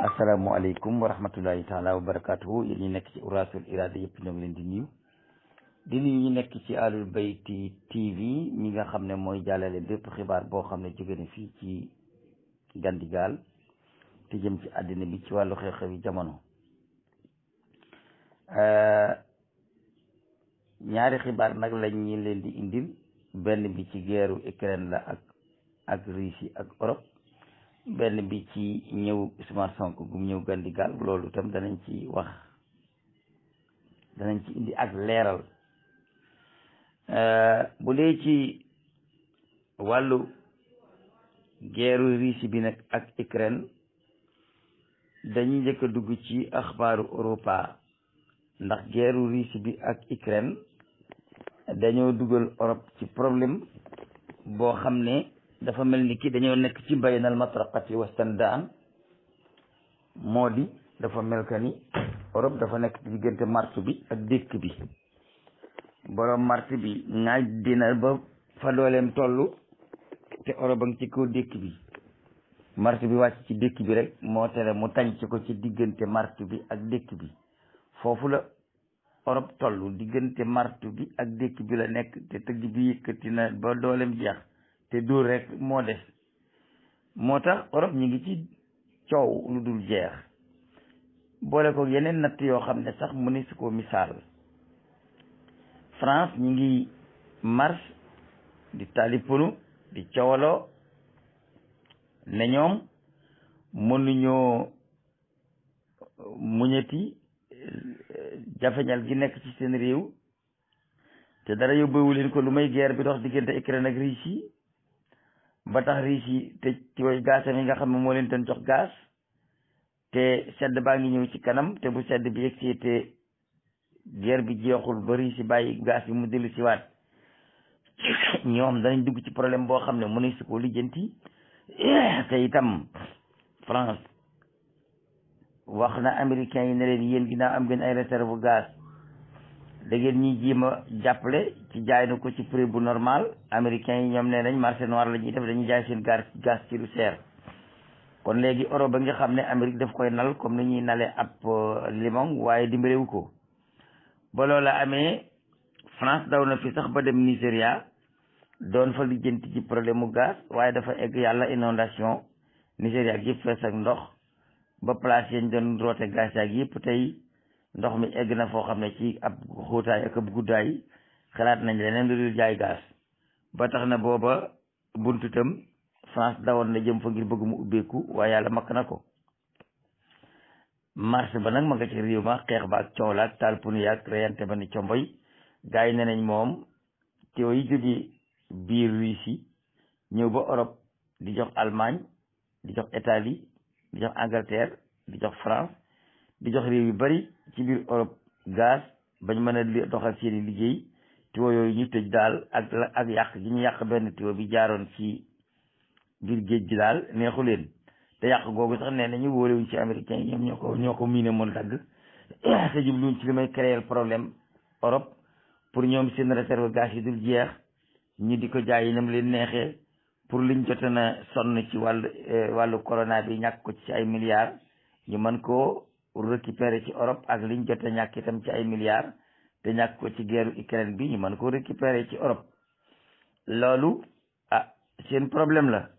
asalaamaaleykum wa rahmatullahi taala wa barakaatuhu yéen ñi nekk ci urasul irada yëpp ñoo leen di nuyu di nuyu nekk ci Ahlul Bayti TV mi nga xam ne mooy jàllale bépp xibaar boo xam ne jóge na fii ci Gandigaal te jëm ci àddina bi ci wàllu xew-xewi jamono ñaari xibaar nag lañ ñi leen di indil benn bi ci geeru Ukraine la ak ak Russie ak Europe benn bi ci ñëw Ousmane Sonko gum ñëw Gandigal loolu itam danañ ci wax danañ ci indi ak leeral euh, bu dee ci wàllu guerru Russie bi nag ak Ukraine dañuy njëkk a dugg ci axbaaru Europa ndax guerru Russie bi ak Ukraine dañoo dugal Europe ci problème boo xam ne dafa mel ni kii dañoo nekk ci baynal matraqati wa daan moo di dafa mel ka ni Europe dafa nekk ci diggante marché bi ak dëkk bi borom marché bi naaj dina ba fa dooleem toll te Europe a ngi ci kaw dëkk bi marché bi wàcc ci dëkk bi rek moo tere mu ci ko ci diggante marché bi ak dëkk bi foofu la Europe toll diggante marché bi ak dëkk bi la nekk te tëgg bi yëkkati na ba dooleem jeex te dóor rek moo des moo tax Europe ñu ngi ci coow lu dul jeex boole ko yeneen natt yoo xam ne sax mu ne su ko misaal France ñu ngi mars di talipunu di coowaloo ne ñoom mënuñoo muñeti jafeñal gi nekk ci seen réew te dara yóbbewu leen ko lu may geer bi dox diggante Ukraine ak Russie ba tax riche te ci way gaasam yi nga xam ne moo leen doon jox gaas te sedd baa ngi ñëw ci kanam te bu sedd bi yegsi te ger bi jeexul ba riche yi bàyyi gaas bi mu dellu si waat ñoom danañ dugg ci problème boo xam ne mu ne si ko lijjanti te itam France wax na américains yi ne leen yéen ginnaaw am ngeen ay réserve gaz da ngeen ñuy jéem a jàppale ci jaay na ko ci prix bu normal américains yi ñoom nee nañ marché noir la ñuy def dañuy jaay seen gaz gaz ci lu seer kon léegi euro ba nga xam ne Amérique daf koy nal comme ni ñuy nale ab euh, limon waaye dimbalewu ko ba loola amee France daw na fi sax ba dem nigeria doon fa lijjanti ci problème mu gaz waaye dafa egg yàlla inondation Nigéria gi fees ak ndox ba place yañ doon roote gaz ak yëpp tey ndox mi egg na foo xam ne ci ab xóotaay ak ab xalaat nañ leneen lu dul jaay gaz ba tax na booba buntu tam France dawoon na jëm fa ngir bëgg mu ubbeeku waaye yàlla makk na ko mars ba nag ma nga ci réew ma xeex ba ak coow la ak taal punu yaag reyante ba ni comboy gars yi ne nañ moom teew yi jógee biir Russie ñëw ba Europe di jox Allemagne di jox Italie di jox Angleterre di jox France di jox réew yu bari ci biir Europe gaz bañ mën a doxal seeni liggéey tuyau yooyu ñu tëj daal ak ak yàq gi ñu yàq benn tuyau bi jaaroon ci biir géej gi daal neexu leen te yàq googu sax nee na ñu wóolewuñ ci américain yi ñoom ñoo ko ñoo ko miine moon dagg te jubluwuñ ci problème Europe pour ñoom seen réserve yi dul jeex ñu di ko jaay yi nam leen neexee pour liñ jotoon a sonn ci wàllu eh, wàllu corona bi ñàkk ko ci ay milliards ñu mën koo récupérer ci Europe ak liñ jot ñàkk itam ci ay milliards te ñàkk ko ci guerre Ukraine bi ñu mën ko récupérer ci Europe loolu ah seen problème la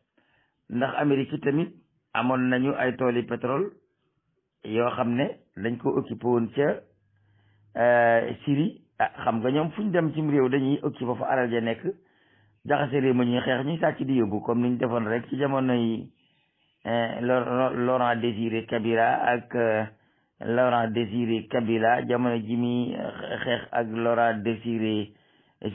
ndax Amérique tamit amoon nañu ay tooli pétrole yoo xam ne dañ ko occupé woon ca e, Syrie ah xam nga ñoom fu ñu dem cim réew dañuy occupé fa alal ja nekk jaxase réew ma ñuy xeex ñuy sàcc di yóbbu comme ni ñu defoon rek ci jamonoy e, Laurent Désiré Kabila ak e, Laurent Désiré Kabila jamono ji mi eh, xeex ak Laurent Désiré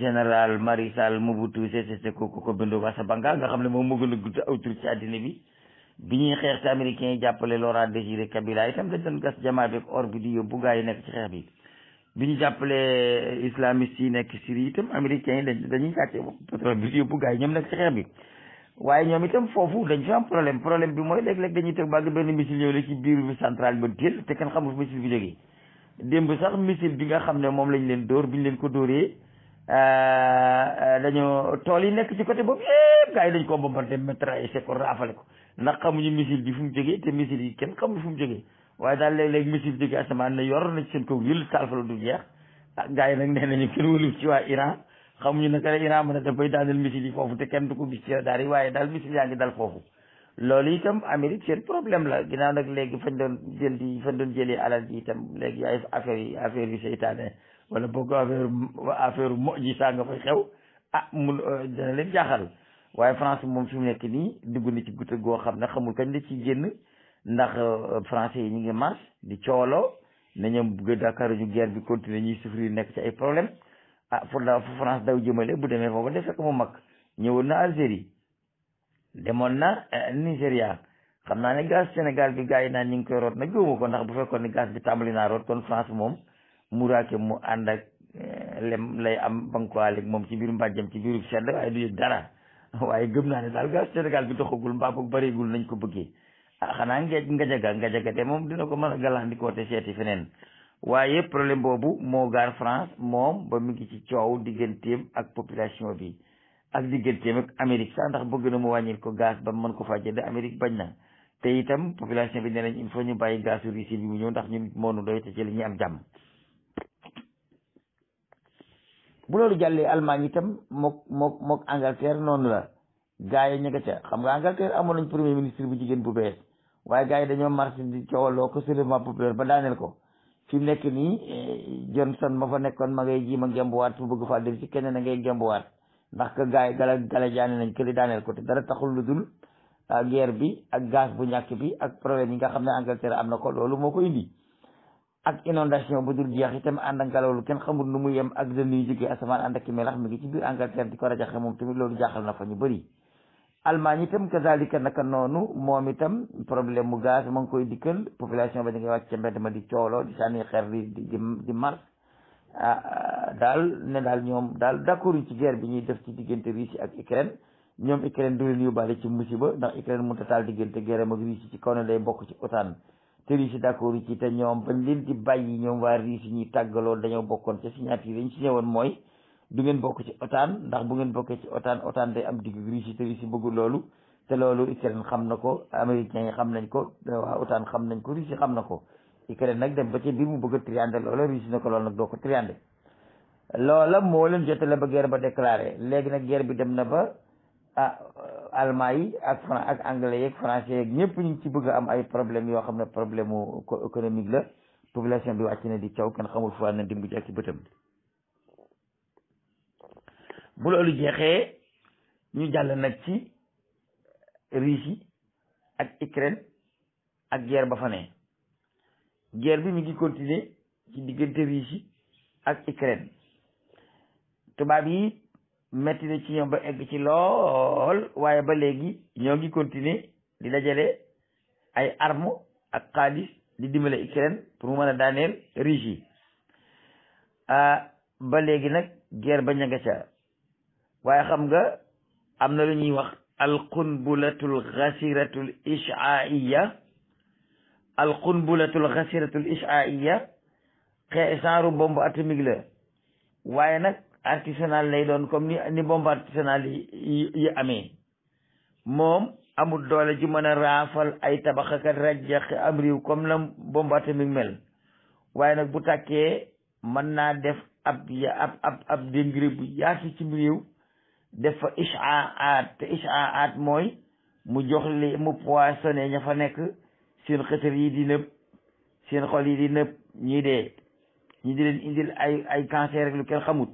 général Marisal Mobutu ko Seko Koko Bendo Basabanga nga xam ne moom moo gën a gudd aw ci àddina bi bi ñuy xeex ci américain yi jàppale Laurent Désiré Kabila itam dañ doon gas jamaa bi ak or bi di yóbbu gaa yi nekk ci xeex bi bi ñu jàppale islamiste yi nekk Syrie itam américain yi dañuy gàcce pétrole bi di yóbbu yi ñoom nekk ci xeex bi waaye ñoom itam foofu dañ fi am problème problème bi mooy léeg-léeg dañuy tëg bàgg benn missile ñëw la ci biir bi centrale ba teel te kenn xamul missile bi sax missile bi nga xam ne moom lañ leen dóor bi ñu leen ko dóoree euh, dañoo tool yi nekk ci côté boobu yëpp gars yi dañ koo bombardé mitraillé ko raafale ko ndax xamuñu missile bi fu mu jógee te missile yi kenn xamul fu mu jógee waaye daal léeg-léeg missile jógee asamaan ne yor na ci seen kaw yël salfala du jeex ah nag nee ci waa Iran xamuñu naka la Iran mën a def bay daaneel missile yi foofu te kenn du ko gis ci daal yi waaye daal missile yaa ngi dal foofu loolu itam Amérique seen problème la ginnaaw nag léegi fañ doon jël di fañ doon jëlee alal ji itam léegi ay affaire yi affaire yu seytaane wala boog affaire affaire mo ji saa nga fay xew ah mu euh, dana leen jaaxal waaye France moom fi mu nekk nii dugg ni ci guddi goo xam ne xamul kañ la ci génn ndax euh, français yi ñu ngi marche di cooloo na ñoom bëgg Dakar ñu guerre bi continuer ñuy souffrir nekk ci ay problème ah pour la France daw jëmale bu demee foofu de fekk mu mag ñëwoon na Algérie demoon na eh, Nigéria xam naa ne gaz Sénégal bi gaa yi naa ñi ngi koy root nag góomu ko ndax bu fekkoon ne gaz bi tàmbali naa root kon France moom muraake mu ànd ak eh, lem lay am bankuwaaleeg moom ci biiru biir mbàjjam ci biiru sedd waaye du yëg dara waaye gëm naa ne daal gaz Sénégal bi doxagul mbaa boog bëreegul nañ ko bëggee ah xanaa ngeej ngajaga ngajaga te moom dina ko mën a galandikoo te seeti feneen waaye problème boobu moo gaar France moom ba mu ngi ci coow digganteem ak population bi ak digganteem ak Amérique sax ndax bëgg na mu wàññil ko gaz ba mën ko faa jënd Amérique bañ na te itam population bi ne nañ il ñu bàyyi gazu Russie bi mu ñëw ndax ñun moonu doy te ci li ñuy am jàmm bu loolu jàllee Allemagne itam mook mook Angleterre noonu la gars yi ñu nga ca xam nga Angleterre amoon nañ premier ministre bu jigéen bu bees waaye gars yi dañoo marché di ko soulèvement ba daaneel ko fi mu nekk nii eh, Johnson ma fa nekkoon ma ngay ji ma gembuwaat fu bëgg faa del ci keneen a ngay gembuwaat ndax que gars yi gala gala jaane nañ këli daaneel ko te dara taxul lu dul ah, guerre bi ak gaz bu ñàkk bi ak problème yi nga xam ne Angleterre am na ko loolu moo ko indi ak inondation bu dul jeex itam ànd ak ngelaw lu kenn xamul nu mu yem ak dënnu yu asamaan ànd ak ki melax mi ci biir Angleterre di ko rajaxe moom tamit loolu jaaxal na fa ñu bëri Allemagne itam kazalika naka noonu moom itam problème mu gaz ma ngi koy dikkal population ba di ngay wàcc ca mbedd ma di cooloo di sànni xeer di di di mars ah, ah, daal ne daal ñoom daal d'accord ci guerre bi ñuy def ci diggante Russie ak Ukraine ñoom Ukraine du leen yóbbaale ci musiba ndax Ukraine mënut a taal diggante guerre am ak Russie ci kaw ne day bokk ci OTAN te Russie d'accord ci te ñoom bañ leen di bàyyi ñoom waa Russie ñuy tàggaloo dañoo bokkoon ca signature yi ñu signé woon mooy du ngeen bokk ci otaan ndax bu ngeen bokkee ci otaan otaan day am digg Russie te Russie bëggul loolu te loolu Ukraine xam na ko américains yi xam nañ ko waa xam nañ ko Russie xam na ko Ukraine nag dem ba ci bi mu bëgg a triander loola Russie na ko lool nag doo ko triander loola moo leen jotale ba guerre ba déclaré léegi nag guerre bi dem na ba ah allemand yi ak fran ak anglais yeeg français yeeg ñëpp ñu ci bëgg am ay problème yoo xam ne problème mu économique la population bi wàcc na di caw kenn xamul fu ne dimbu ci ak ci bëtam bu loolu jeexee ñu jàll nag ci Russie ak Ukraine ak guerre ba fa ne guerre bi mi ngi continuer ci diggante Russie ak Ukraine tubaab yi metti na ci ñoom ba egg ci lool waaye ba léegi ñoo ngi continuer di dajale ay arme ak xaalis di dimbale Ukraine pour mu mën a daaneel Russie ah, ba léegi nag guerre ba ña ca waaye xam nga am na lu ñuy wax alqunbulatul xasiratul ishaiya alqunbulatul xasiratul ishaiya la waaye nag artisanal lay doon comme ni ni bombe artisanal yi yi amee moom amul doole ji mën a raafal ay tabaxaka rajjax am riiw comme na bombe atomique mel waaye nag bu takkee mën naa def ab ya ab ab ab def fa ishaaat te ishaaat mooy mu jox li mu poissonné ña fa nekk seen xëtër yi di nëb seen xol yi di nëb ñii dee ñi di leen indil ay ay cancer rek lu kenn xamut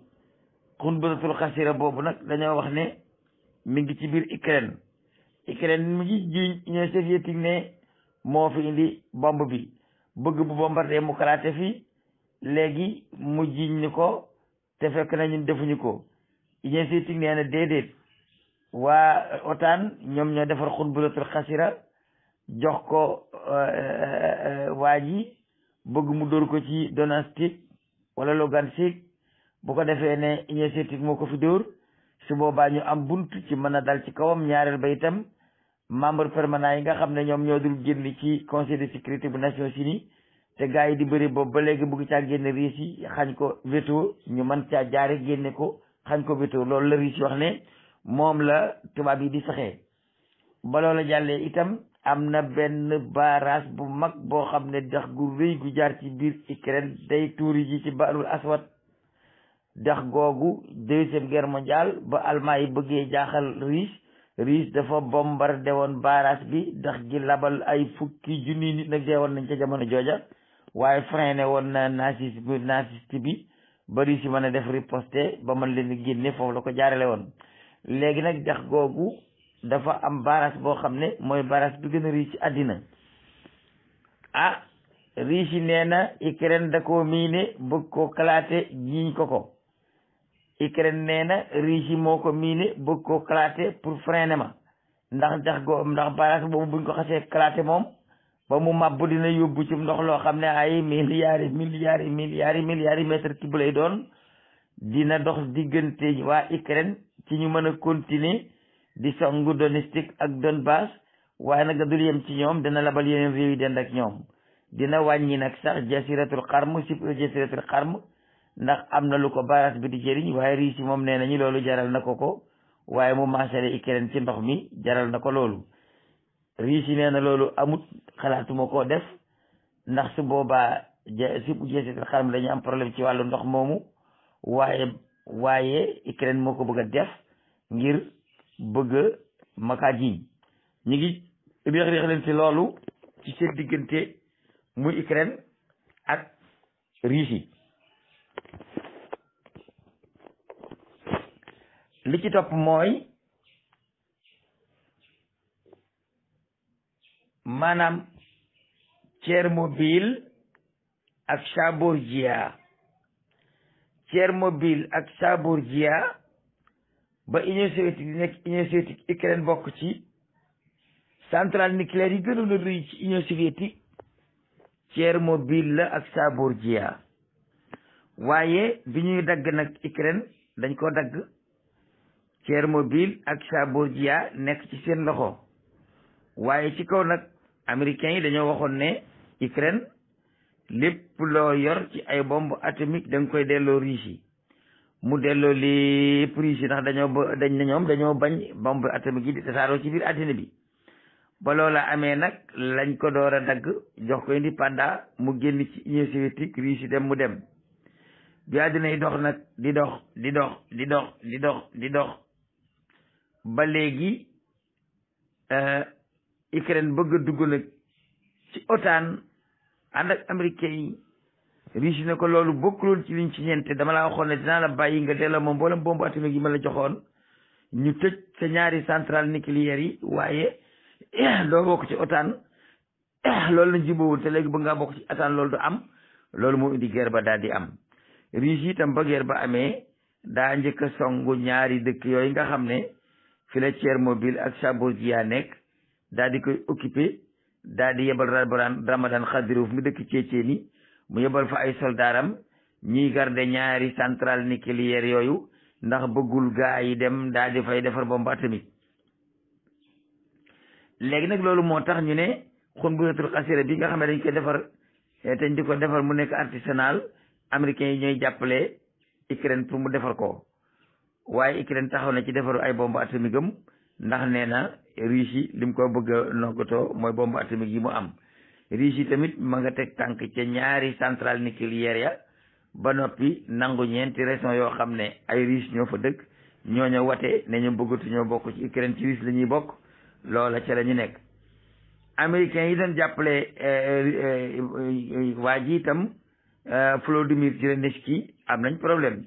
xunburatul xasira boobu nag dañoo wax ne mi ngi ci biir Ukraine Ukraine mu ngi jiiñ Union soviétique moo fi indi bombe bi bëgg bu bombardé mu kalaate fi léegi mu jiiñ ni ko te fekk na ñun defuñu ko yéen si nee na déedéet waa otaan ñoom ñoo defar xutbulatul xasira jox ko euh, euh, euh, waa ji bëgg mu dóor ko ci donastique wala logantique bu ko defee ne yéen moo ko fi dóor su boobaa ñu am bunt ci mën a dal ci kawam ñaareel ba itam membre permanent yi nga xam ne ñoom ñoo dul génn ci conseil de sécurité bu Nations Unies te gars yi di bëri boobu ba léegi bëgg caa génn riis yi xañ ko veto ñu mën caa jaare génne ko xañ ko bitu loolu la riis wax ne moom la tubaab yi di saxee ba loola jàllee itam am na benn barrage bu mag boo xam ne dex gu rëy gu jaar ci biir Ukraine day tuuri ji ci barul aswad dex googu deuxième guerre mondiale ba almaa yi bëggee jaaxal riis riis dafa bombardé woon barrage bi dex gi labal ay fukki junni nit nag dee woon nañ ca jamono jooja waaye freiné woon na nazis naziste bi bari si mën a def riposte ba mën leen di génne foofu la ko jaarale woon léegi nag dex googu dafa am baras boo xam ne mooy baras bi gën a riis ci àddina ah riis yi nee na Ukraine da ko miine bëgg koo kalaate jiiñ ko ko Ukraine nee na riis yi moo ko miine bëgg koo kalaate pour ne ma ndax jax goo ndax baras boobu buñ ko xasee kalaate moom ba mu màbb dina yóbbu ci ndox loo xam ne ay milliards milliards milliards milliards mètre cube lay doon dina dox diggante waa Ukraine ci ñu mën a continuer di songu Donetsk ak Donbass waaye nag da dul yem ci ñoom dina labal yeneen réew yi dend ak ñoom dina wàññi nag sax jasiratul xarm si jasiratul xarm ndax am na lu ko baras bi di jëriñ waaye Russie moom nee nañu loolu jaral na ko ko waaye mu maasale Ukraine ci ndox mi jaral na ko loolu riisi nee na loolu amut xalaatuma koo def ndax su boobaa je su bu jeexital xaram dañuy am problème ci wàllu ndox moomu waaye waaye Ukraine moo ko bëgg def ngir bëgg a makaa jiñ ñu ngi réex ci loolu ci seen diggante muy Ukraine ak Russie li ci topp mooy maanaam Tchernobyl ak Zaporijia Tchernobyl ak Zaporijia ba Union soviétique di nekk Union soviétique Ukraine bokk ci centrale nucléaire yi gënoon a rëy ci Union soviétique Tchernobyl la ak Zaporijia waaye bi ñuy dagg nag Ukraine dañ koo dagg Tchernobyl ak Zaporijia nekk ci seen loxo waaye ci kaw nag américains yi dañoo waxoon ne Ukraine lépp loo yor ci ay bomb atomique da koy delloo Russie mu delloo lépp yi ndax dañoo ba dañ ne ñoom dañoo bañ bomb atomique yi di tasaaroo ci biir àddina bi ba loola amee nag lañ ko door a dagg jox ko indépendant mu génn ci Union soviétique Russie dem mu dem bi àddina yi dox nag di dox di dox di dox di dox di dox ba léegi euh, Ukraine bëgg a dugg nag ci OTAN ànd ak américain yi Russie ne ko loolu bokkuloon ci liñ ci ñeente dama laa waxoon ne bàyyi nga delloo moom mboolem bombe atomique yi ma la joxoon ñu tëj sa ñaari centrale nucléaire yi waaye doo bokk ci OTAN loolu lañ jubóowul te léegi bëgg ngaa bokk ci OTAN loolu du am loolu moo indi guerre ba daal di am Russie tam ba guerre ba amee daa njëkk songu ñaari dëkk yooyu nga xam ne fi la Tchernobyl ak Zaporijia nekk daal di koy occupé daal di yebal Ramadan Xadiroof mi dëkk Tchétchénie mu yebal fa ay soldaaram ñuy garde ñaari centrale nucléaire yooyu ndax bëggul gaa yi dem daal di fay defar bombe atomique léegi nag loolu moo tax ñu ne xunbuyatul xasira bi nga xam ne dañ koy defar te eh, ñu di ko defar mu nekk artisanal américain yi ñooy jàppale Ukraine pour mu defar ko waaye Ukraine taxaw na ci defaru ay bombe atomique am ndax nee na riche yi lim ko bëgg a noggatoo mooy bombe atomique yi mu am riche yi tamit mu nga teg tànk ca ñaari centrale nucléaire ya ba noppi nangu ñeenti région yoo xam ne ay riche ñoo fa dëkk ñooñu wate ne ñu bëggatu ñoo bokk ci Ukraine ci riche la ñuy bokk loola ca la ñu nekk américains yi doon jàppale eh, eh, eh, waa ji itam Volodymyr Zelensky am nañ problème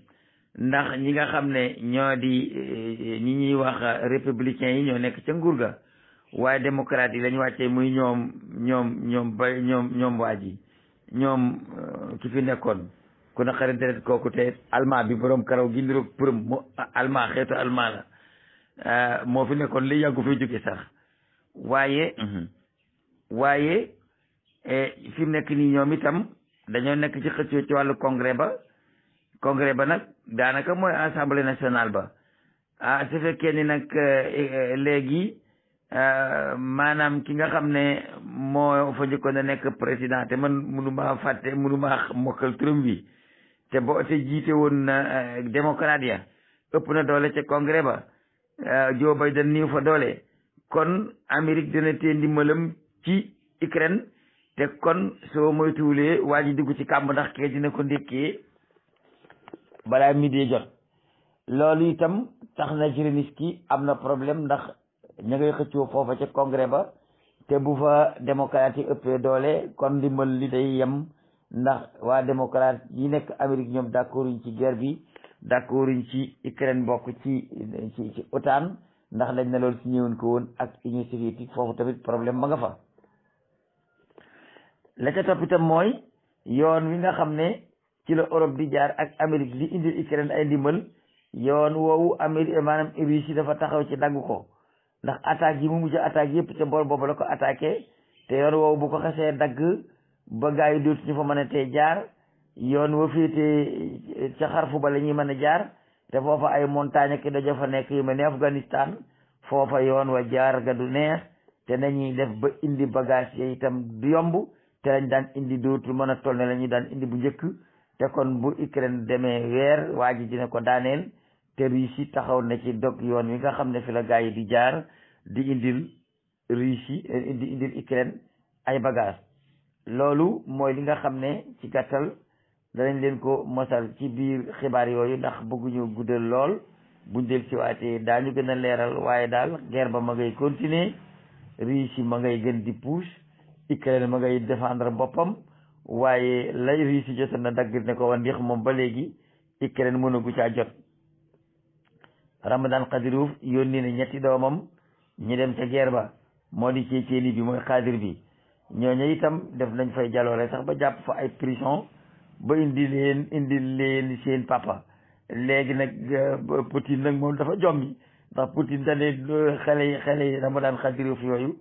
ndax ñi nga xam ne ñoo di eh, eh, ñi ñuy wax eh, républicains yi ñoo nekk ca nguur ga waaye démocrate yi lañu wàccee muy ñoom ñoom ñoom ba ñoom ñoom waa ji ñoom ki fi nekkoon ku na xarit deret kooku te almaa bi boroom karaw gi niroog përëm mu almaa xeetu almaa la moo fi nekkoon li yàggu fi jóge sax waaye mhm. waaye fi mu nekk nii ñoom itam dañoo nekk ci xëccoo ci wàllu congrès ba congrès ba nag daanaka mooy assemblée nationale ba ah su fekkee ni nag eh, eh, léegi ah, maanaam ki nga xam ne moo fa njëkkoon a nekk président te man mënumaa fàtte mënumaa mokkal turam bi te bo te jiite woon na eh, démocrate ya ëpp na doole ca congrès ba ah, Joe Biden nii fa doole kon Amérique dina tee ndimbalam ci Ukraine te kon soo moytuwulee waa ji dugg ci kàmb ndax kee dina ko ndékkee balaa midi jot loolu itam tax na Zelensky am na problème ndax ña ngay xëccoo foofa ca congrès ba te bu fa démocrate yi ëppee doole kon ndimbal li day yem ndax waa démocrate yi nekk Amérique ñoom d'accord ci guerre bi d'accord ci Ukraine bokk ci ci ci OTAN ndax dañ na loolu si ñëwoon ko woon ak Union soviétique foofu tamit problème ba nga fa la ca mooy yoon wi nga xam ne ci la Europe di jaar ak Amérique di indi Ukraine ay ndimbal yoon woowu Amérique maanaam Russie dafa taxaw ci dagg ko ndax attaques yi mu mujj attaques yëpp ca boor boobu ko attaqué te yoon woowu bu ko xasee dagg ba gaa yi dootuñu fa mën a tee jaar yoon wa féetee eh, ca xar ba la ñuy mën a jaar te foofa ay montagne ak dajo fa nekk yu mel ni Afghanistan foofa yoon wa jaar ga du neex te nañuy def ba indi bagage yi itam du yomb te lañ daan indi dootul mën a toll ne la ñuy daan indi bu njëkk te kon bu Ukraine demee weer waa ji dina ko daaneel te Russie taxaw na ci dog yoon wi nga xam ne fi la gaa yi di jaar di indil Russie eh, di indil Ukraine ay bagage loolu mooy li nga xam ne ci gàttal danañ leen ko mosal ci biir xibaar yooyu ndax bëgguñu guddal lool buñ del ci waatee daañu gën a leeral waaye daal guerre ba ma ngay continuer Russie ma ngay gën di pousse Ukraine ma ngay défendre boppam waaye lay riisi jotoon na dagg ne ko wa ndix moom ba léegi ikren mënagu caa jot ramadan xadiruuf yónni na ñetti doomam ñu dem ca geer ba moo di ceeceeli bi mooy xaadir bi ñooñu itam def nañ fay jaloore sax ba jàpp fa ay prison ba indi leen indi leen seen léegi nag euh, Poutine nag moom dafa jommi ndax Poutine dane euh, xale yi xale yi ramadan xadiruuf yooyu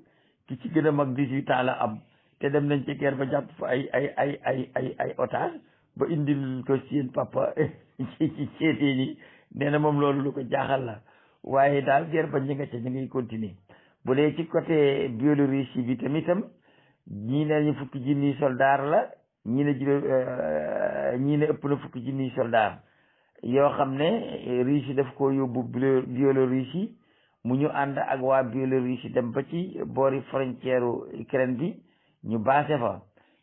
ki ci gën a mag dix-huit ans la am te dem nañ ci guerre ba jàpp fa ay ay ay ay ay ay otage ba indil ko seen papa ci ci seetee nii nee moom loolu lu ko jaaxal la waaye daal guerre ba ñi nga ca ñu ngi continuer bu dee ci côté Biélorussie bi tamitam ñii ne ñu fukki junniy soldaar la ñii ne juróom euh, ñii ne ëpp na fukki junniy soldaar yoo xam ne Russie daf ko yóbbu Biélorussie mu ñu ànd ak waa Biélorussie dem ba ci boori frontière Ukraine bi ñu baase fa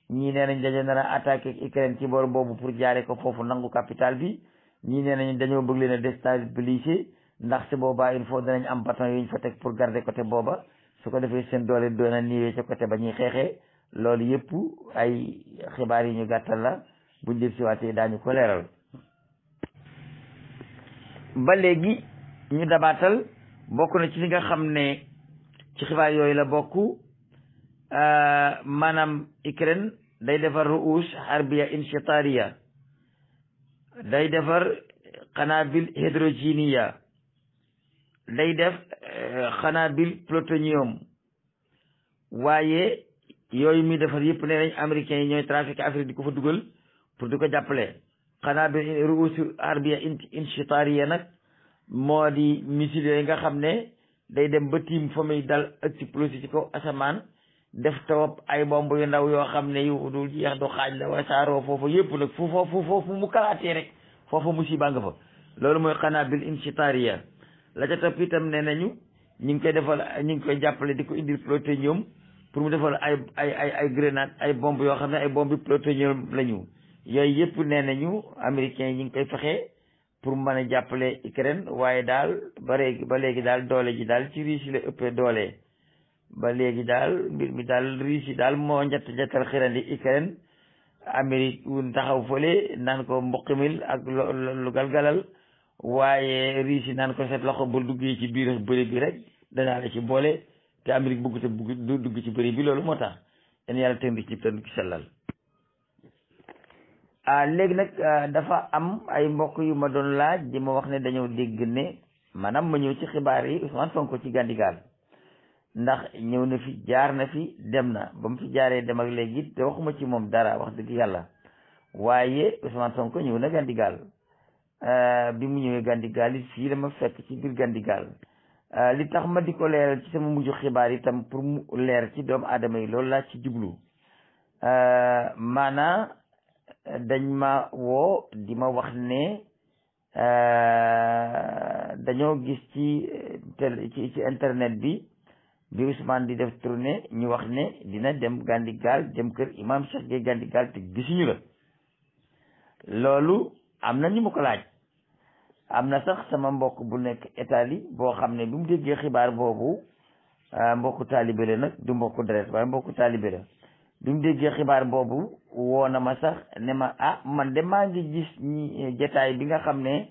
ñii nee nañ dañoo nar a attaqué ci boor boobu pour jaare ko foofu nangu capital bi ñii nee nañ dañoo bëgg leen a déstabiliser ndax si boobaa il faut danañ am bâton yuñ fa teg pour garde côté booba su ko defee seen doole doon a niiwee ca côté ba ñuy xeexee loolu yëpp ay xibaar yi ñu gàttal la buñ def si waatee daañu ko leeral ba léegi ñu dabaatal bokk na ci li nga xam ne ci xibaar yooyu la bokk Eh, maanaam ikren day defar ruus harbiya inshitariya day defar xanaabil hydrogénia day def xanaabil eh, plutonium waaye yooyu muy defar yëpp ne nañ américains yi ñooy trafiqué afrique di ko fa dugal pour di ko jàppale xanaa xanaabil ruus harbiya inshitariya nag moo di missile yooyu nga xam ne day dem ba tiim fa muy dal explosé ci kaw asamaan def trop ay bomb yu ndaw yoo xam ne yu dul jeex du xaaj la wasaaroo foofu yëpp nag fu foofu foofu mu kalaatee rek foofu musiba nga fa loolu mooy xanaa bil insitaria la ca topp itam ne nañu ñu ngi koy defal ñu ngi koy jàppale di ko indi indil plutonium pour mu defal ay ay ay ay grenade ay bomb yoo xam ne ay bomb plutonium lañu yooyu yëpp nee nañu américains yi ñu ngi koy fexe pour mën a jàppale Ukraine waaye daal ba léegi ba léegi daal doole ji daal ci Russie la ëppee doole ba léegi daal mbir mi daal yi daal moo njatt njattal xirandi Ukraine Amérique wun taxaw fële naan ko mboqimil ak lu galgalal waaye yi naan ko set loxo ba duggee ci biir bëri bi rek danaa la ci boole te Amérique bëgg te bëgg dugg ci bëri bi loolu moo tax en yàlla tënd ci ci sellal ah léegi nag ah, dafa am ay mbokk yu ma doon laaj di ma wax ne dañoo dégg ne maanaam ma ñëw ci xibaar yi Ousmane ko ci Gandigaal ndax ñëw na fi jaar na fi dem na ba mu fi jaaree dem ak léegi it te waxuma ci moom dara wax dëgg yàlla waaye Ousmane Sonko ñëw na Gandigal euh, bi mu ñëwee Gandigal it fii la ma fekk ci biir Gandigal euh, li tax ma di ko leeral ci sama mujju xibaar itam pour mu leer ci doomu aadama yi loolu laa ci jublu euh, maanaa dañ ma woo di ma wax ne dañoo gis ci ci ci internet bi bi Ousmane di def tournée ñu wax ne dina dem Gandigal dem kër imam Cheikh Gueye Gandigal te gisuñu la loolu am na ñu mu ko laaj am na sax sama mbokk bu nekk Italie boo xam ne bi mu déggee xibaar boobu ah, mbokku taalibe la nag du mbokku deret waaye mbokku taalibe la bi mu déggee xibaar boobu woo na ma sax ne ma ah man de maa ngi gis ñi jataay bi nga xam ne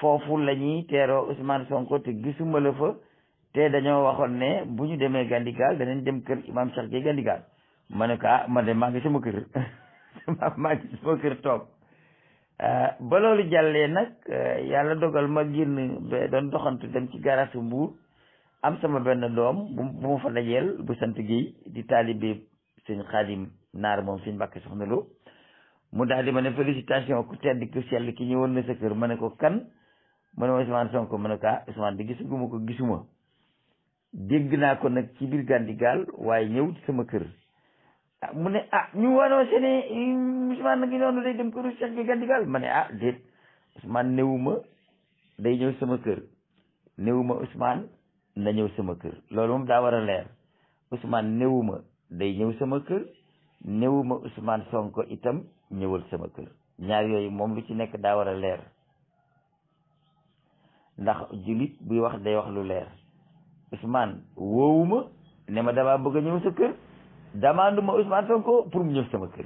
foofu la ñuy teeroo Ousmane Sonko te gisuma la fa te dañoo waxoon ne bu ñu demee Gandigal danañ dem kër imam Cheikh Gueye Gandigal ma ne ko ah man de maa ngi sama kër maa ngi ah, eh, yàlla dogal ma génn ba doon doxantu dem ci garage Mbuur am sama benn doom bu bu ma bu sant Gueye di taalibe sëñ Xaadim naar moom sëñ Mbàkke Soxna Lo mu daal di ma ne félicitation ku tedd ku sell ki ñëwoon na sa kër ma ne ko kan ma ne ma Ousmane Sonko ma ne ko ah Ousmane di gisuguma ko gisuma dégg naa ko nag ci biir Gandigaal waaye ñëw sama kër ah mu ne ah ñu annoncé ne eh, Ousmane ngi noonu day dem këru Cheikh bi Gandigaal ma ne ah déet Ousmane newuma day ñëw sama kër newuma Ousmane na ñëw sama kër loolu daa war a leer Ousmane newuma day ñëw sama kër newuma Ousmane Sonko itam ñëwal sama kër ñaar yooyu moom lu ci nekk daa war a leer ndax jullit buy wax day wax lu leer Ousmane woowuma ne ma damaa bëgg a ñëw sa kër demande ma Ousmane Sonko pour mu ñëw sama kër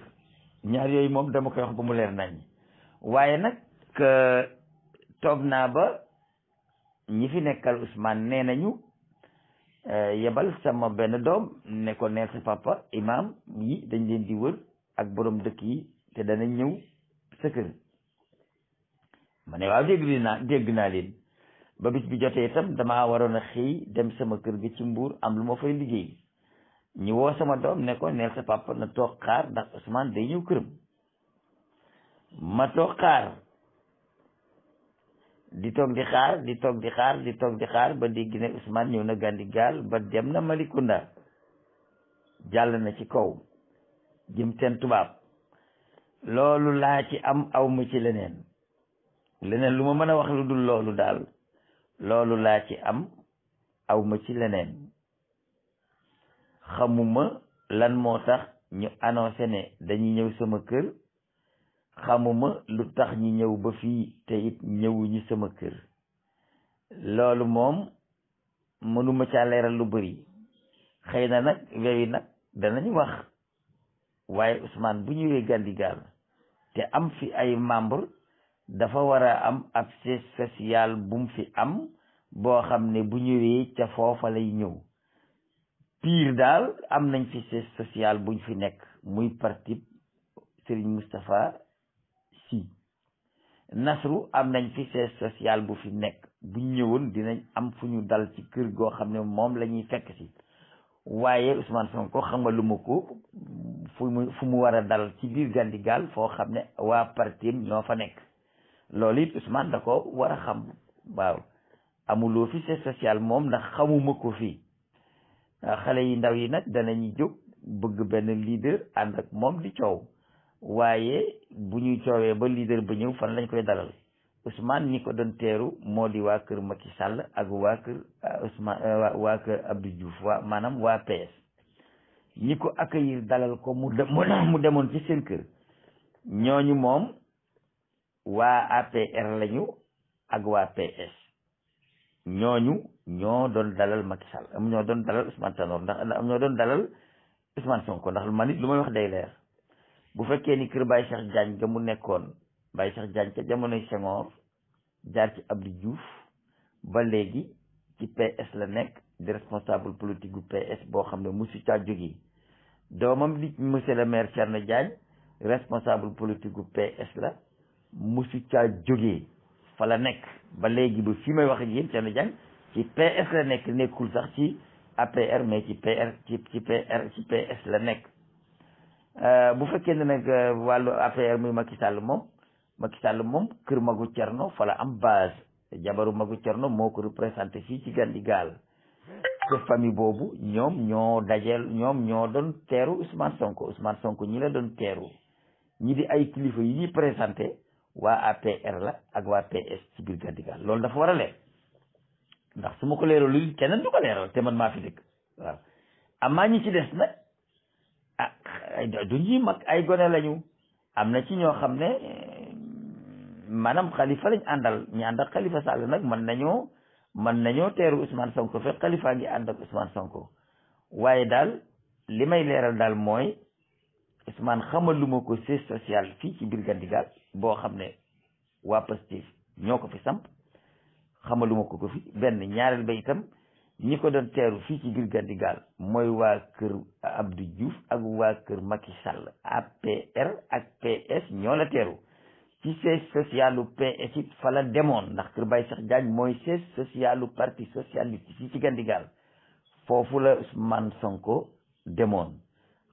ñaar yooyu moom dama koy wax ba mu leer nañ waaye nag toog naa ba ñi fi nekkal Ousmane nee nañu euh, yebal sama benn doom ne ko neel sa papa imam yi dañ leen di wër ak boroom dëkk yi te danañ ñëw sa kër ma ne waaw dégg naa dégg naa leen ba bis bi jotee itam damaa waroon a xëy dem sama kër gi ci mbuur am lu ma fay liggéey ñu woo sama doom ne ko neel sa papa na toog xaar ndax Ousmane day ñëw këram ma toog xaar di toog di xaar di toog di xaar ba dégg ne Ousmane ñëw na Gandigaal ba dem na Malicounda jàll na ci kaw jëm seen tubaab loolu laa ci am aw ci leneen leneen lu ma mën a wax lu dul loolu daal loolu laa ci am awma ci leneen xamuma lan moo tax ñu annoncé ne dañuy ñëw sama kër xamuma lu tax ñi ñëw ba fii te it ñëwuñu sama kër loolu moom mënuma caa leeral lu bari xëy na nag wewi nag danañu wax waaye Ousmane bu ñëwee Gandigaal te am fi ay membre dafa war a am ab siège social bum fi am boo xam ne bu ñëwee ca foofa lay ñëw pire daal am nañ fi siège social buñ fi nekk muy parti Serigne Moustapha Sy Nasru am nañ fi siège social bu fi nekk buñ ñëwoon dinañ am fu ñu dal ci kër goo xam ne moom lañuy fekk si waaye Ousmane Sonko xamaluma ko fu mu fu mu war a dal ci biir Gandigal foo xam ne waa partim ñoo fa nekk loolu it Ousmane da ko war a xam waaw amuloo fi c'est social moom ndax xamuma ko fii ah, xale yi ndaw yi nag danañu jóg bëgg benn leader ànd ak moom di coow waaye bu ñuy coowee ba leader ba ñëw fan lañ koy dalal Ousmane ñi ko doon teeru moo di waa kër Macky Sall ak waa kër ah, Ousmane ah, waa kër Abdou waa maanaam waa PS ñi ko accueillir dalal ko mu mu demoon ci seen kër ñooñu moom waa APR lañu ak waa PS ñooñu ñoo doon dalal Macky am ñoo doon dalal Ousmane Tanor ndax am ñoo doon dalal Ousmane Sonko ndax man it lu may wax day leer bu fekkee ni kër Baye Cheikh Diagne ga mu nekkoon Baye Cheikh Diagne ca jamonoy Senghor jaar ci Abdou Diouf ba léegi ci PS la nekk di responsable politique PS boo xam ne mosu caa jógee doomam di monsieur le maire Thierno Diagne responsable politique bu PS la. musu caa jógee fa la nekk ba léegi ba fi may wax ak yéen Thierno Diagne ci PS la nekk nekkul sax ci APR mais ci PR ci PS la nekk euh, bu fekkee ne nag euh, wàllu APR muy Macky Sall moom Macky Sall moom kër Magu Thierno fa la am base jabaru Magu Thierno moo ko représenté fii ci Gandigaal te famille boobu ñoom ñoo dajeel ñoom ñoo doon teeru Ousmane Sonko Ousmane Sonko ñi la doon teeru ñi di ay kilifa yi ñuy présenté waa APR la ak waa PS ci biir Gandigal loolu dafa war a leer ndax su ma ko leeralul keneen du ko leeral te man maa fi dëkk waaw amaa ñi ci des nag ah du ñi mag ay gone lañu am na ci ñoo xam ne maanaam xalifa lañ àndal ñu ànd ak xalifa Sall nag mën nañoo mën nañoo teeru Ousmane Sonko fekk xalifa ngi ànd ak Ousmane Sonko waaye daal li may leeral daal mooy Ousmane xamaluma ko siège social fii ci biir Gandigal boo xam ne waa Pastef ñoo ko fi samp xamaluma ko ko fi benn ñaareel ba itam ñi ko doon teeru fii ci biir gaal mooy waa kër Abdou Diouf ak waa kër Macky Sall APR ak PS ñoo la teeru ci siège socialu PS it fa la demoon ndax kër Baye Cheikh Diagne mooy siège socialu parti socialiste fii ci Gandigaal foofu la man Sonko demoon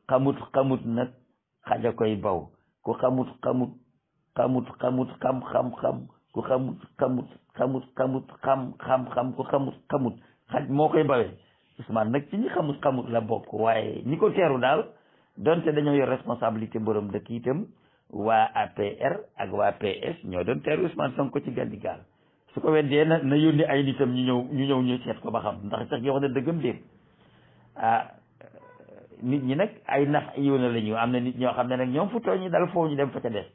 xamut xamut nag xaja koy baw ku xamut xamut xamut xamut xam xam xam ku xamut xamut xamut xamut xam xam xam ku xamut xamut xaj moo koy bawee Ousmane nag ci ñi xamut xamut la bokk waaye ñi ko teeru daal donte dañoo yor responsabilité borom dëkk itam waa APR ak waa PS ñoo doon teeru Ousmane Sonko ci gàlligaal su ko weddee na na yónni ay nitam ñu ñëw ñu ñëw ñu seet ko ba xam ndax sax gi wax na dëggam déet ah nit ñi nag ay nax yiw na la ñu am na nit ñoo xam ne nag ñoom fu tooñ ñi dal foofu ñu dem fa ca des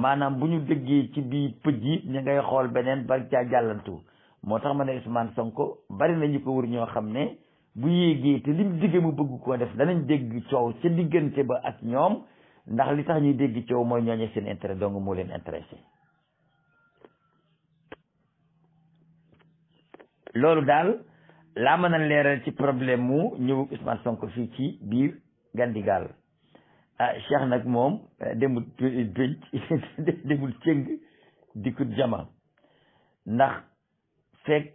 maanaam bu ñu déggee ci biir pëj yi ñu ngay xool beneen ba caa jàllantu moo tax ma ne Ousmane Sonko bari na ñu ko wër ñoo xam ne bu yéegee te lim digge mu bëgg koo def danañ dégg coow ca diggante ba ak ñoom ndax li tax ñuy dégg coow mooy ñooñu seen intérêt donc moo leen intéressé loolu daal laa mën a leeral ci problème mu ñëw Ousmane Sonko fii ci biir Gandigal ah Cheikh nag moom eh, demul pénc demul cëng dikkut jama ndax fekk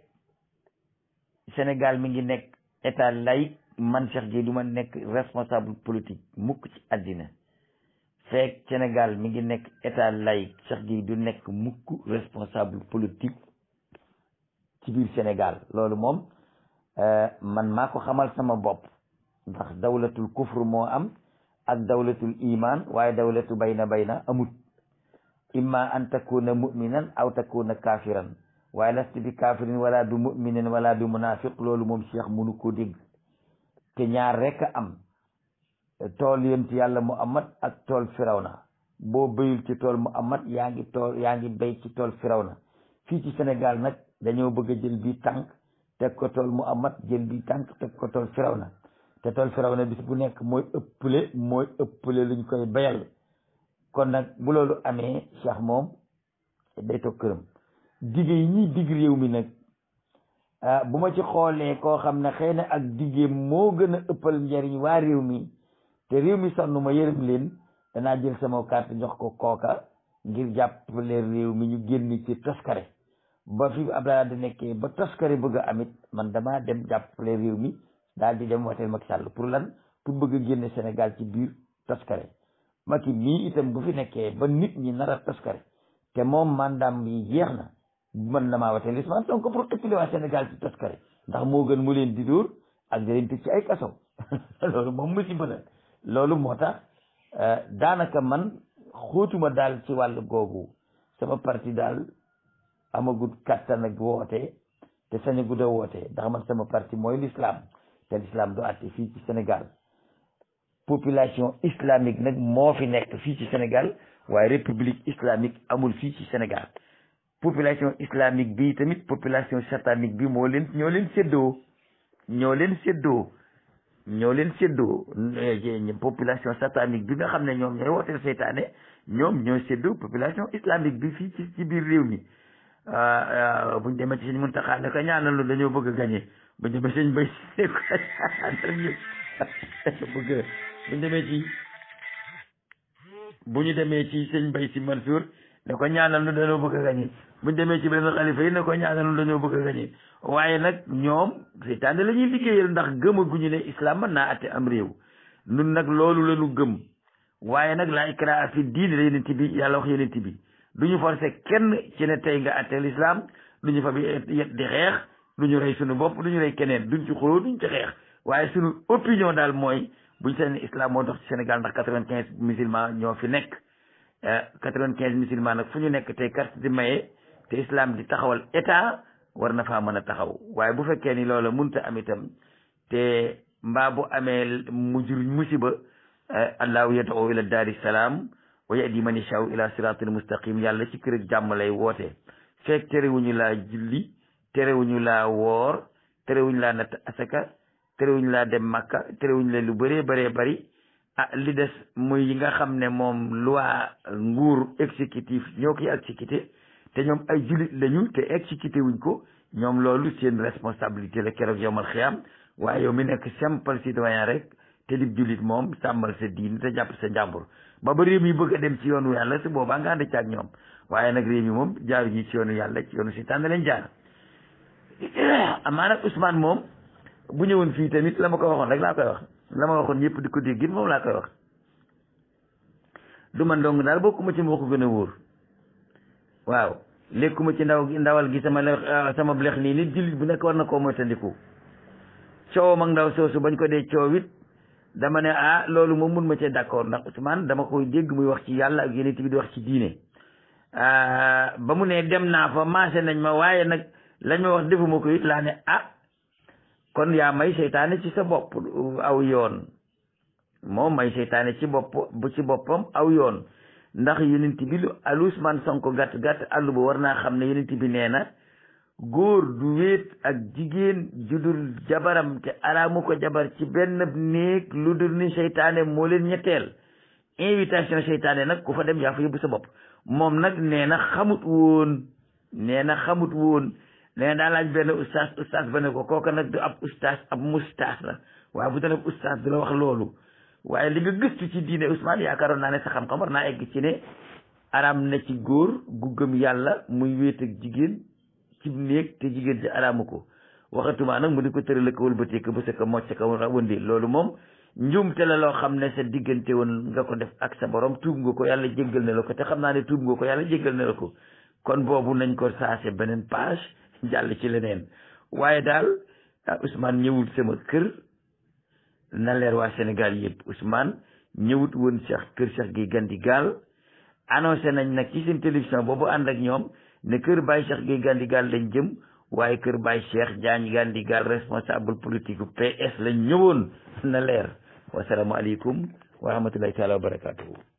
Sénégal mi ngi nekk état laïque man Cheikh Dieye du ma nekk responsable politique mukk ci àddina fekk Sénégal mi ngi nekk état laïque Cheikh Dieye du nekk mukk responsable politique ci biir Sénégal loolu moom eh, man maa ko xamal sama bopp ndax dawlatul kufru moo am ak dawlatul imaan waaye dawlatu bayna bayna amut imma an takuna muminan aw takuna kafiran waaye last bi kafirin wala bi muminin wala bi munafiq loolu moom cheikh mënu ko dégg te ñaar rekk am tool yonent yàlla Muhammad ak tool firawna boo béyul ci tool Muhammad yaa ngi tool yaa ngi béy ci tool firawna fii ci senegal nag dañoo bëgg a jël bi tànk teg ko tool Muhammad jël bi tànk teg ko tool firawna te tool firawna bis bu nekk mooy ëpple mooy ëpple luñ koy bayal kon nag bu loolu amee Cheikh moom day toog këram digg yi ñuy digg réew mi nag ah, bu ma ci xoolee koo xam ne xëy na ak diggee moo gën a ëppal njariñ waa réew mi te réew mi sax nu ma yërëm leen danaa jël sama carte jox ko kooka ngir jàppale réew mi ñu génn ci toskare ba fi Abdoulaye di nekkee ba toskare bëgg a amit man damaa dem jàppale réew mi daal di dem woteel Macky Sall pour lan pour bëgg a génne Sénégal ci biir toskare Macky mii itam bu fi nekkee ba nit ñi nar a toskare te moom mandaam bi jeex na mën na maa woteel Ousmane Sonko pour ëppale waa Sénégal ci toskare ndax moo gën mu leen di dóor ak di leen tëj ci ay kaso loolu moom musiba la loolu moo tax euh, daanaka man xootuma daal ci wàll googu sama parti daal amagut kàttan ak woote te sañagut a woote ndax man sama parti mooy l'islam te l'islam du àtte fii ci Sénégal population islamique nag moo fi nekk fii ci Sénégal waaye république islamique amul fii ci Sénégal population islamique bi tamit population satanique bi moo leen ñoo leen séddoo ñoo leen séddoo ñoo leen séddoo population satanique bi nga xam ne ñoom ñooy wooteel seytaane ñoom ñoo séddoo population islamique bi fii ci ci biir réew mi ah, ah, buñ demee ci suñu muntaxaa ne ko ñaanal lu dañoo bëgg a gañe bañ ñu sëñ bay bëgg buñ demee ci bu ñu demee ci seen bay ci Mansour ne ko ñaanal nu dañoo bëgg a gañe buñ demee ci beneen xalifa yi ne ko ñaanal nu dañoo bëgg a gañe waaye nag ñoom seytaane la ñuy liggéeyal ndax gëmaguñu ne islam mën naa atte am réew nun nag loolu la ñu gëm waaye nag laa ikraa fi diine la yeneen bi yàlla wax yeneen bi du ñu forcé kenn ci ne tey nga atte l'islam du ñu fa bi di xeex du ñu rey suñu bopp du ñu rey keneen duñ ci xuloo duñ ci xeex waaye suñu opinion daal mooy buñ seen islam moo dox ci Sénégal ndax quatre-vingt-quinze musulman ñoo fi nekk euh, quatre-vingt-quinze musulman fu ñu nekk te carte di maye te islam di taxawal état war na faa mën a taxaw waaye bu fekkee ni loola te am itam te mbaa bu amee mu jur musiba euh, allahu yad'u ila daari salaam wa yahdi man yashaa ila siraatil mustaqim yàlla ci kër jàmm lay woote fekk terewuñu laa julli terewuñu laa woor terewuñu laa natt asaka terewuñu laa dem makka terewuñu la lu bëree baree bëri ah li des muy yi nga xam ne moom loi nguur exécutif ñoo koy exécuté te ñoom ay jullit lañu te exécuté wuñ ko ñoom loolu seen responsabilité la keroog yomal xiyam waaye yow mi nekk simple citoyen rek te dib jullit moom sàmmal sa diin te jàpp sa njàmbur ba ba réew mi bëgg a dem ci yoonu yàlla su boobaa nga ànd ci ak ñoom waaye nag réew mi moom jaaru ñi ci yoonu yàlla ci yoonu seytaan leen jaar amaana Ousmane moom bu ñëwoon fii tamit la ma ko waxoon rek laa koy wax la ma waxoon yëpp di ko dégg it moom laa koy wax du ma ndong daal bokkuma ci moo gën a wóor waaw lekkuma ci ndaw ndawal gi sama ah, sama blex nii nit jullit bu nekk war na koo moytandiku coowam ak ndaw soosu bañ ko dee coow it dama ne ah loolu moom mun ma cee d'accord ndax Ousmane dama koy dégg muy wax ci yàlla ak yeneen bi di wax ci diine ah, ba mu ne dem naa fa maase nañ ma waaye nag lañ ma wax defuma ko it laa ne ah kon yaa may seytaane ci sa bopp aw yoon moom may seytaane ci bopp bu ci boppam aw yoon ndax yonent bi lu al Ousmane Sonko gàtt gàtt àll bu war naa xam ne yonent bi nee na góor du wéet ak jigéen judul jabaram te araamu ko jabar ci benn néeg lu dul ni seytaane moo leen ñetteel invitation seytaane nag ku fa dem yaa fa yóbbu sa bopp moom nag nee na xamut woon nee na xamut woon nee daal laaj benn ustaas ustaas ba ne ko kooka nag du ab ustaas ab mustaas la waaye bu doon ab ustaas du la wax loolu waaye li nga gëstu ci diine Ousmane yaakaaroon naa ne sa xam-xam war naa egg ci ne araam na ci góor gu gëm yàlla muy wéet ak jigéen cib néeg te jigéen ji araamu ko waxatumaa nag mu di ko tërale ko wëlbatee ko bës ko mocc ko wëndeel loolu moom njuumte la loo xam ne sa diggante woon nga ko def ak sa borom tuub nga ko yàlla jéggal na la ko te xam naa ne tuub nga ko yàlla jéggal na la ko kon boobu nañ ko saase beneen page jàll ci leneen waaye daal ah, Ousmane ñëwul sama kër na leer waa Sénégal yëpp Ousmane ñëwut woon Cheikh kër Cheikh Gueye Gandigal annoncé nañ nag ci seen télévision boobu ànd ak ñoom ne kër Baye Cheikh Gueye Gandigal dañ jëm waaye kër Baye Cheikh Diagne Gandigal responsable politique PS lañ ñëwoon na leer wasalaamualeykum wa rahmatullahi taala wa